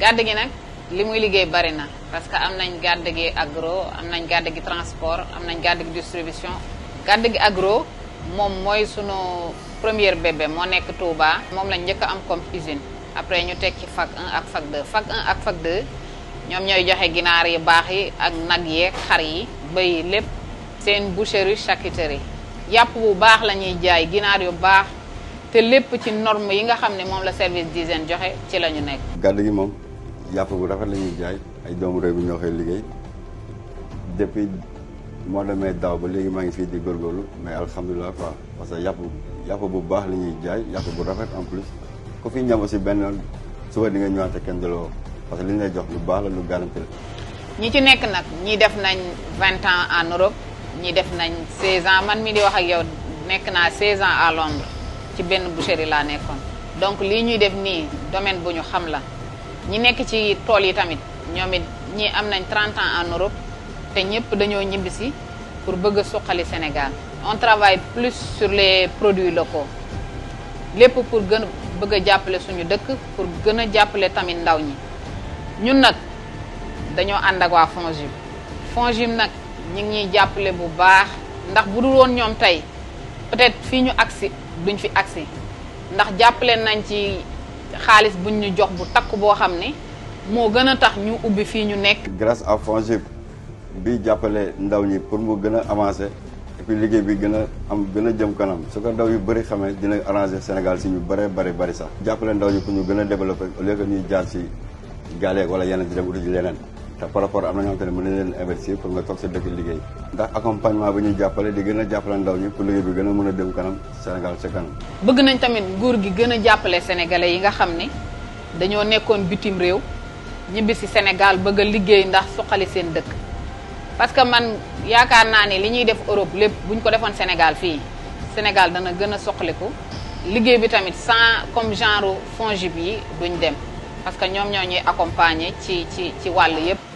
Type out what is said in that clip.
gàdd gi nag li muy liggéey bari na parce que am nañ gàdd gi agro am nañ gàdd gi transport am nañ gàdd gi distribution gàdd gi agro moom mooy sunu première bébé moo nekk Touba. moom lañ njëkk am comme usine après ñu tekki fac 1 ak fac 2 fac 1 ak fac 2 ñoom ñooy joxe ginaar yi baax yi ak nag yeeg xar yi bëy lépp seen boucherie charcuterie yàpp bu baax la ñuy jaay ginaar yu baax te lépp ci norme yi nga xam ne moom la service d'hygiène joxe ci la ñu nekk. gàdd moom. yàpp bu rafet la ñuy jaay ay doomu réew bi ñoo koy liggéey depuis mois de mai daaw ba léegi maa ngi fii di góorgóorlu mais alhamdulilah quoi parce que yàpp yàpp bu baax la ñuy jaay yàpp bu rafet en plus ku fi ñam aussi benn suba di nga ñëwaat kenn daloo parce que li ñu jox lu baax lu garanti ñi ci nekk nag ñi def nañ vingt ans en Europe ñi def nañ seize ans man mi di wax ak yow nekk naa seize ans à Londres ci benn boucherie laa nekkoon donc lii ñuy def nii domaine bu ñu xam la. ñi nekk ci tool yi tamit ñoom it ñi am nañ 30 ans en Europe te ñëpp dañoo ñibbisi pour bëgg a suqali Sénégal on travaille plus sur les produits ko lépp pour gën a bëgg a jàppale suñu dëkk pour gën a jàppale tamit ndaw ñi ñun nag dañoo ànd ak waa FONGIP FONGIP nag ñu ngi ñuy jàppale bu baax ndax bu dul woon ñoom tey peut-être fii ñu agsi duñ fi agsi ndax jàppale nañ ci xaalis buñ ñu jox bu takk boo xam ne moo gën a tax ñu ubbi fii ñu nekk. grâce à FONGIP bi jàppale ndaw ñi pour moo gën a avancer et puis liggéey bi gën a am gën a jëm kanam su ko ndaw yu bari xamee dina arranger Sénégal si ñu bëree bari bari sax. jàppale ndaw ñi pour ñu gën a développer au lieu ñuy jaar si gaaleeg wala yeneen di dem uti ji leneen. te par rapport am na ñoo xam ne mën nañ leen investir pour nga toog sa dëkk liggéey ndax accompagnement bi ñuy jàppale di gën a jàppale ndaw ñi pour liggéey bi gën a mën a dem kanam Sénégal ca kanam bëgg nañ tamit nguur gi gën a jàppale sénégalais yi nga xam ni dañoo nekkoon bitim réew ñibbi si Sénégal bëgg a liggéey ndax suqali seen dëkk parce que man yaakaar naa ni li ñuy def Europe lépp bu ñu ko defoon Sénégal fii Sénégal dana gën a soqaliku liggéey bi tamit sans comme genre fonds JIP yi duñ dem parce que ñoom ñoo ñuy accompagner ci ci ci wàll yëpp